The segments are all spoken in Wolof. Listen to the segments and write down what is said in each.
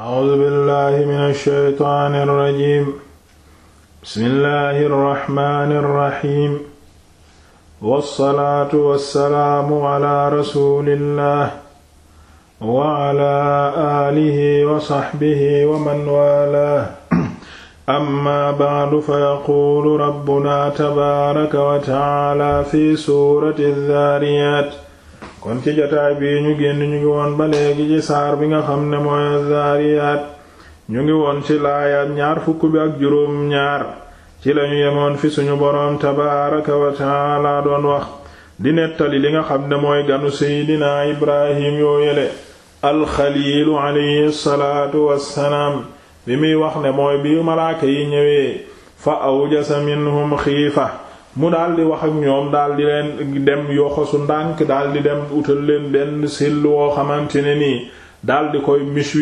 A'uuzu billaahi mina shaytaani rajiim. Bismillaahi rahmaani rahiim. Wassalaatu wassalaamu alaa rasuulillaah wa alaa aalihi wa sahbihi wa man waalaah. Ammaa ba'du fayaquulu rabbunaa tabaaraka wa ta'aalaa fi suurati zaariyaat. kon ci jotaay bii ñu génn ñu ngi woon ba léegi ci saar bi nga xam ne mooy zaariyaat ñu ngi woon ci laayaat ñaar fukk bi ak juróom ñaar ci lañu yemoon fi suñu boroom tabaaraka wa taala doon wax di nettali li nga xam ne mooy ganu seydinaa ibrahim yoo yele alxaliilu alayhi salaatu wassalaam bi muy wax ne mooy bi malaaka yi ñëwee fa awjasa minhum xiifa mu daal di wax ak ñoom daal di leen dem yoxosu ndànk daal di dem utal leen benn sill woo xamante ne nii daal di koy mis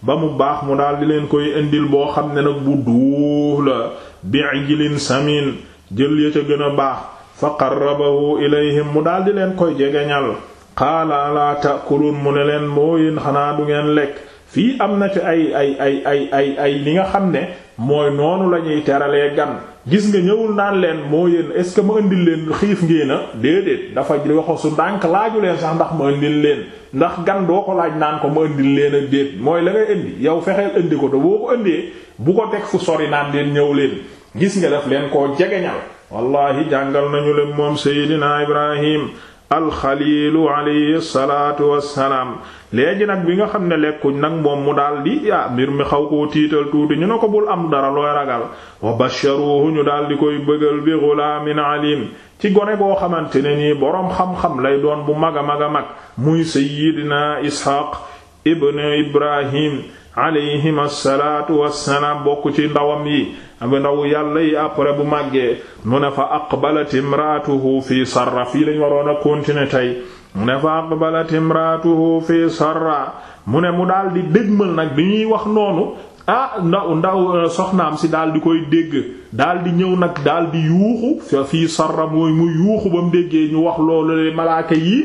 ba mu baax mu daal di leen koy indil boo xam ne nag bu duuf la bi'ijlin samin jël ya ca gën a baax fa qarrabahu ilayhim mu daal di leen koy jegeñal qaala alaa ta'kulun mu ne leen moo yéen xanaa du ngeen lekk fii am na ci ay ay ay ay ay li nga xam ne mooy noonu lañuy terale gan gis nga ñëwul naan leen moo yéen est ce que ma indil leen xiif ngeen a déedéet dafa waxo su ndànk laaju leen sax ndax ma indil leen ndax gan doo ko laaj naan ko ma indil leen a déet mooy la ngay indi yow fexeel indi ko te boo ko indee bu ko teg fu sori naan leen ñëw leen gis nga def leen koo jegeñal wallahi jàngal nañu leen moom Seydina Ibrahim alxaliilu alayhi salaatu wassalaam léegi nag bi nga xam ne lekkuñ nag moom mu daal di ah, mbir mi xaw koo tiital tuuti ñu ne ko bul am dara looy ragal wa basharuhu ñu daal di koy bëggal bi ghulaamin alim ci gone goo xamante ne nii boroom xam-xam lay doon bu mag a mag a mag muy sayyidina isxaaq ibn ibrahim alayhim assalaatu wassalaam bokk ci ndawam yi ak ndaw yàlla yi après bu màggee mu ne fa aqbalat imraatuhu fi sarra fii lañ waroon a continuer tey mu ne fa aqbalat imraatuhu fi sarra mu ne mu daal di dégmal nag bi ñuy wax noonu ah ndaw ndaw euh, soxnaam si daal di koy dégg daal di ñëw nag daal di yuuxu fa fii sarra mooy mu yuuxu ba mu déggee ñu wax loolu le malaaka yi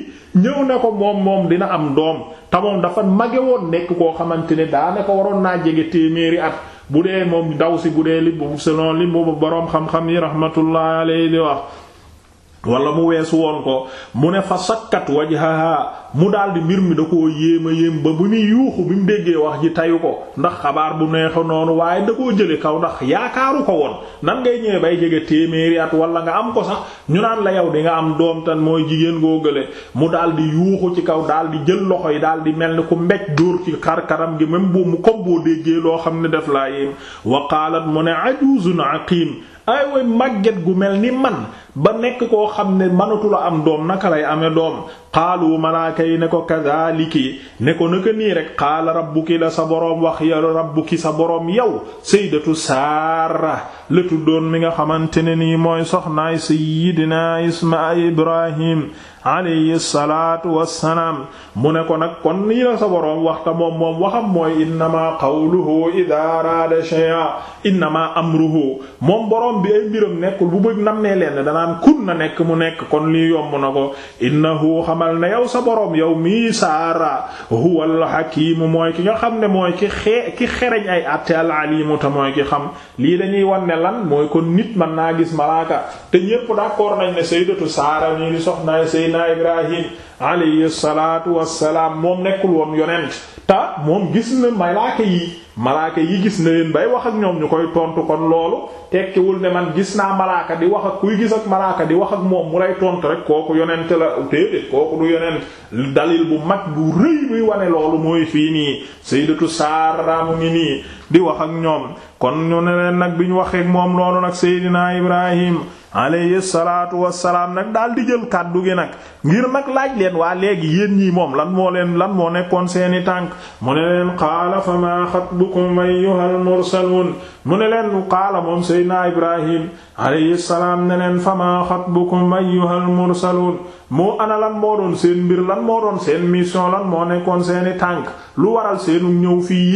ñëw ne ko moom moom dina am doom tamoon dafa mage woon nekk koo xamante ne daa ne ko waroon naa jege téeméeri at bu dee moom ndaw si bu dee li bu selon li boobu boroom xam-xam yi rahmatullahi alayhi wax wala mu weesu woon ko mu ne fa sakkat wajhaha mu daldi mbir mi da koo yéem a yéem ba bu muy yuuxu bi mu déggee wax ji tayu ko ndax xabaar bu neexe noonu waaye da koo jële kaw ndax yaakaaru ko woon nan ngay ñëwee bay jege téeméeri at wala nga am ko sax ñu naan la yow di nga am doom tan mooy jigéen goo gële mu daldi yuuxu ci kaw daldi jël loxo yi daldi mel ni ku mbéj dóor ci xar karam gi même boobu mu comme boo déggee loo xam ne def laa yéem wa qaalat ne ajuzun aqim ay way màgget gu mel ni man ba nekk koo xam ne mënatula am doom naka lay amee doom xaalu malaaka yi ne ko kadhaliki ne ko naka nii rek xaala rabbuki la sa boroom wax ya rabbuki sa boroom yow sayyidatu saara la tuddoon mi nga xamante ne nii mooy soxnaay sayyidina isma ibrahim alayhi salaatu wassalaam mu ne ko nag kon nii la sa boroom waxta moom moom waxam mooy innamaa qawluhu idaa araada shay'a innamaa amruhu moom boroom bi ay mbiram nekkul bu bëgg nam ne leen danaan kun na nekk mu nekk kon lii yomb na ko innahu xamal ne yow sa boroom yow mii saara huwal hakiimu mooy ki nga xam ne mooy ki xee ki xereñ ay àtte al aliimu te mooy ki xam lii dañuy wan lan mooy kon nit man naa gis malaaka te ñépp d'accord nañ ne sayyidatu saara nii seydinaa ibrahim alayhi salaatu wassalaam moom nekkul woon yonent ta moom gis na malaaka yi malaaka yi gis na leen bay wax ak ñoom ñu koy tontu kon loolu tekkiwul ne man gis naa malaaka di wax ak kuy gis ak malaaka di wax ak moom mu lay tontu rek kooku yonent la déedéet kooku du yonent dalil bu mag bu rëy buy wane loolu mooy fii nii sayyidatu Saara mu ngi nii di wax ak ñoom kon ñu ne leen nag bi ñu waxee moom loolu nag Seydina Ibrahim alayhi salaatu wassalaam nag daal di jël kàddu gi nag ngir nag laaj leen waa léegi yéen ñii moom lan moo leen lan moo nekkoon seeni tànk mu ne leen qaala famaa xatbukum ayyuhal mursaluun mu ne leen qaala moom Seydina Ibrahim alayhi salaam ne leen famaa xatbukum ayyuhal mursaluun moo ana lan moo doon seen mbir lan moo doon seen mission lan moo nekkoon seeni tànk lu waral seenu ñëw fii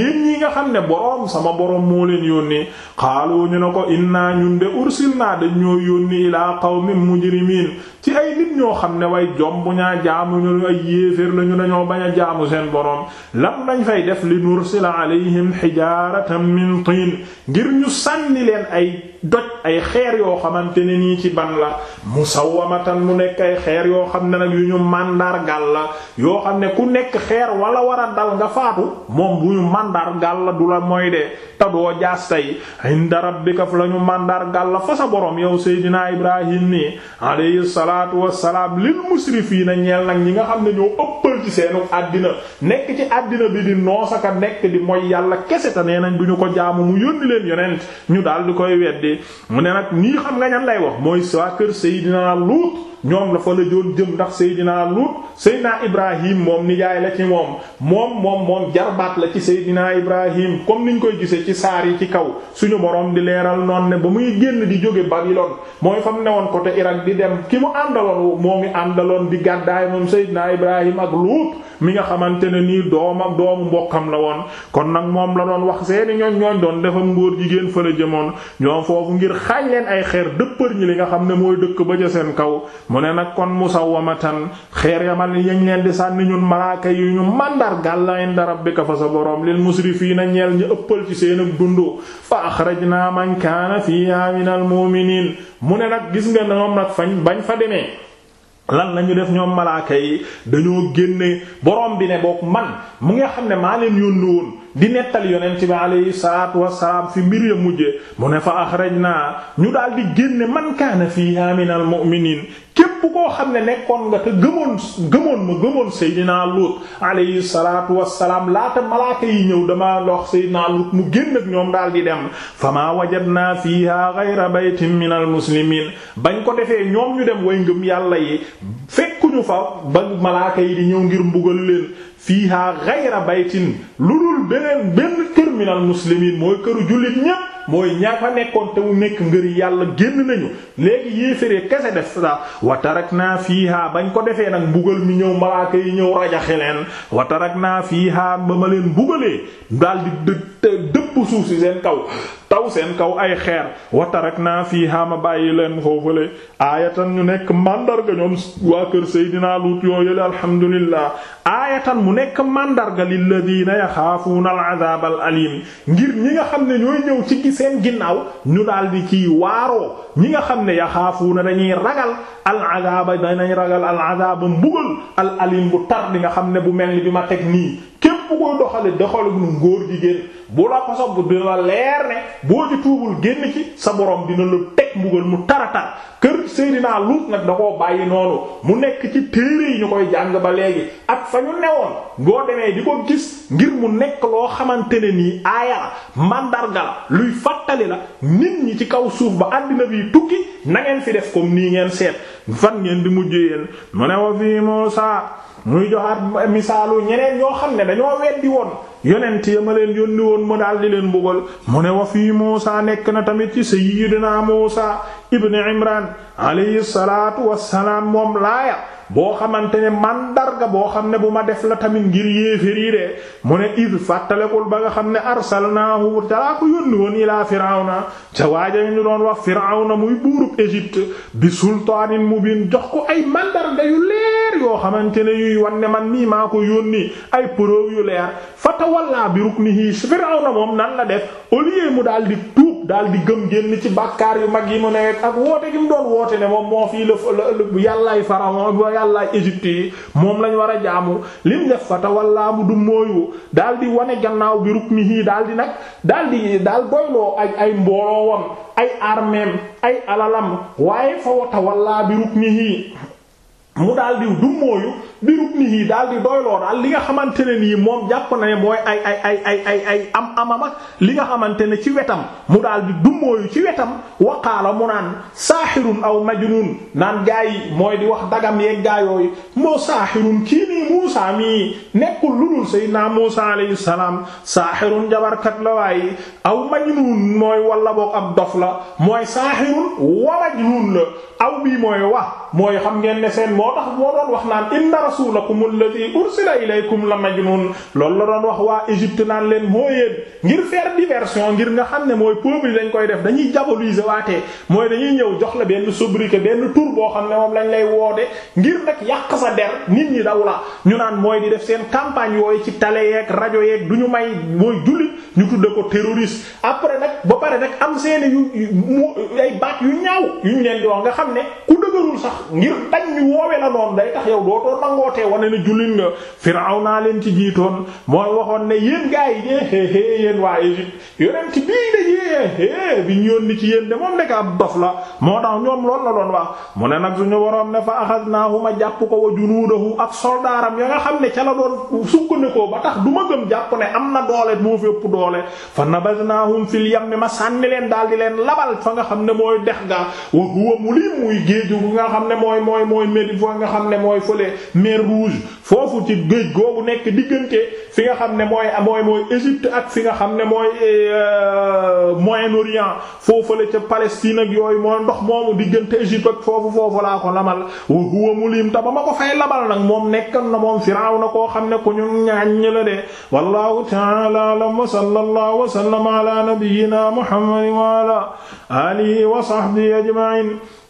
yónni xaalu ñu ne ko inna ñun de ursilna dañ ñoo yónni ilaa qawmin mujrimiin ci ay nit ñoo xam ne way jom bu ñaa jaamu ñu ay yéeféer lañu dañoo bañ a jaamu seen boroom lam nañ fay def li nursila alayhim xijaaratan min tiin ngir ñu sànni leen ay doj ay xeer yoo xamante ne nii ci ban la mu musawwamatan mu nekk ay xeer yoo xam ne nag yu ñu màndargal la yoo xam ne ku nekk xeer wala war a dal nga faatu moom bu ñu màndargal la du la mooy de te doo jaas tey inda rabbika fu la ñu màndargal la fa sa borom yow seydinaa Ibrahim nii alayhi salaatu wassalaam lil musrifiina ñeel nag ñi nga xam ne ñoo ëppal ci seenu àddina nekk ci àddina bi di noosaka nekk di mooy yàlla kese te nee nañ du ñu ko jaamu mu mu ne nag nii xam nga ñan lay wax mooy waa kër Seydina Luut ñoom la fa la joon jëm ndax Seydina Lut Seydina Ibrahim moom nijaay la ci moom moom moom moom jarbaat la ci Seydina Ibrahim comme niñ koy gisee ci saar yi ci kaw suñu borom di leeral noon ne ba muy génn di jóge Babilon mooy fam newoon côté Irak di dem ki mu àndaloon moo ngi àndaloon di gàddaay moom Seydina Ibrahim ak Lut mi nga xamante ne nii doom doomam doomu mbokkam la woon kon nag moom la doon wax seeni ñooñ ñooñ doon defam ngóor jigéen fa la jëmoon ñoom foofu ngir xaañ leen ay xeer dëppër ñi li nga xam ne mooy dëkk ba ca seen kaw mu ne nag kon musawwamatan xeer yamal yañ leen di sànni ñun malaaka yi ñu màndargal la inda rabbika fa sa boroom lil musrifiina ñeel ñu ëppal ci seen ak dundu fa axrajnaa man kaana fiihaa minal mu'miniin mu ne nag gis nga ñoom nag fañ bañ fa demee lan lañu def ñoom malaaka yi dañoo génne borom bi ne boog man mu nga xam ne maa leen yónni di nettali yonent bi alayhi salaatu wassalaam fi mbir ya mujje mu ne fa axrajnaa ñu daal di génne man kaana fiihaa minal mu'miniin képp koo xam ne nekkoon nga te gëmoon gëmoon ma gëmoon Seydina Lut alayhi salaatu salaam laata malaaka yi ñëw dama lox Seydina Lut mu génn ak ñoom daal di dem famaa wajadnaa fiihaa ghayra baytin minal muslimiin bañ ko defee ñoom ñu dem way ngëm yàlla yi fekkuñu fa ba malaaka yi di ñëw ngir mbugal leen fiiha ghayra baytin lu dul beneen benn kër minal muslimiin mooy këru jullit ñépp mooy ña fa nekkoon te mu nekk ngir yàlla génn nañu léegi yéeféree kese def sa wa tarakna fiiha bañ ko defee nag mbugal mi ñëw malaaka yi ñëw rajaxe leen wa tarakna fiiha ba ma leen mbugalee daldi dë dëpp suuf si seen kaw taw seen kaw ay xeer wa naa fiiha ma bàyyi leen foofule aayatan ñu nekk màndarga waa kër Seydina Luut yoo yële alhamdulillah aayatan mu nekk mandarga lilladina yaxaafuuna al azab al alim ngir ñi nga xam ne ñooy ñëw ci seen ginnaaw ñu daal di ciy waaroo ñi nga xam ne yaxaafuuna dañuy ragal al azaba dañuy ragal al azaba mbugal al alim bu tar bi nga xam ne bu mel ni bi ma teg nii képp koy doxale doxale bu ngóor jigéen bu la ko sob dina la leer ne boo ci tuubul génn ci sa boroom dina la teg mbugal mu taratar kër Seydina Luut nag da koo bàyyi noonu mu nekk ci téere yi ñu koy jàng ba léegi ak fa ñu newoon boo demee di ko gis ngir mu nekk loo xamante ne nii aaya la mandarga la luy fàttali la nit ñi ci kaw suuf ba àddina bi tukki na ngeen fi def comme nii ngeen seet fan ngeen di mujj yéen mu ne wa fii Muusaa muy joxaat misaalu ñeneen ñoo xam ne dañoo weddi woon yonent ya ma leen yónni woon mu daal di leen mbugal mu ne wa fii Muusa nekk na tamit ci sayyidina Muusa ibn Imran alayhi salaatu wassalaam moom laaya boo xamante ne mandarga boo xam ne bu ma def la tamit ngir yéefér yi de mu ne id fàttalekul ba nga xam ne arsalnaahu talaa ko yónni woon ilaa firawna ca waaja ñu doon wax firawna muy buurub Égypte bi sultaanin mubin jox ko ay mandarga yu leer yoo xamante ne yuy wan man mi maa ko yónni ay preuve yu leer fatawallaa bi ruknihi firawna moom nan la def au lieu mu daal di daal di gëm génn ci bàkkaar yu mag yi mu ne ak woote gi mu doon woote ne moom moo fii la yàllaay pharaon ba yàllaay égypte yi moom lañu war a jaamu lim def fa tawallaa mu du mooyu daal di wane gannaaw bi rukmihi daal di nag daal di daal doyloo ay ay mbooloowam ay armeem ay alalam waaye fa tawallaa bi rukmihi mu daal di mooyu bi rub ni yi daal doyloo daal li nga xamante ne nii moom jàpp na ne mooy ay ay ay ay ay ay am amam ak li nga xamante ne ci wetam mu daal di dum mooyu ci wetam waqaala mu naan saaxirun aw majnun naan gaa yi mooy di wax dagam yeeg gaa yooyu moo saaxirun kii nii Muusaa mii nekkul lu dul Seydina Muusaa alayhi salaam saaxirun jabarkat la waaye aw majnun mooy walla boog ab dof la mooy saaxirun wa majnun la aw bii mooy wax mooy xam ngeen ne seen moo tax moo doon wax naan inna rasulakum alladhi ursila ilaykum la majnun loolu la doon wax waa Égypte naan leen moo yéen ngir faire diversion ngir nga xam ne mooy peuple dañ koy def dañuy diaboliser waatee mooy dañuy ñëw jox la benn sobriquet benn tur boo xam ne moom lañ lay woode ngir nag yàq sa der nit ñi daw la ñu naan mooy di def seen campagne yooyu ci tale yeeg rajo yeeg duñu ñu may mooy jullit ñu tudde ko terroriste après nag ba pare nag am seeni yu ay baat yu ñaaw yuñ leen di nga xam ne ku dëgërul kawe la noonu day tax yow dootoo nangootee wane ne jullit nga firaw naa leen ci jiitoon mooy waxoon ne yéen gaa yi yéen yéen waa Égypte bi ñu yónni ci yéen de moom ab dof la moo tax ñoom lool la doon wax mu ne nag suñu waroon ne fa axadnaahu ma jàpp ko wa junuudahu ak soldaaram ya nga xam ne ca la sukk sukkandikoo ba tax du ma gëm jàpp ne am na doole moo fi ëpp doole fa nabadnaahum fil yammi ma sànni leen daal di leen labal fa nga xam ne mooy dex ga wa huwa mulim muy géeju nga xam ne mooy mooy mooy fois nga xam ne mooy fële mer rouge foofu ci géej googu nekk diggante fi nga xam ne mooy mooy mooy Égypte ak fi nga xam ne mooy euh, Moyen-Orient foofu la ca Palestine yooyu mooy ndox moomu diggante Égypte foofu foofu laa ko lamal wa huwa mulim ta ba ma ko fay labal nag moom nekkan na moom na koo xam ne ku ñu ñaañ la de wallahu ta'ala a'lam wa sallallahu wa sallama ala nabiyyina Muhammad wa ala alihi wa sahbihi ajma'in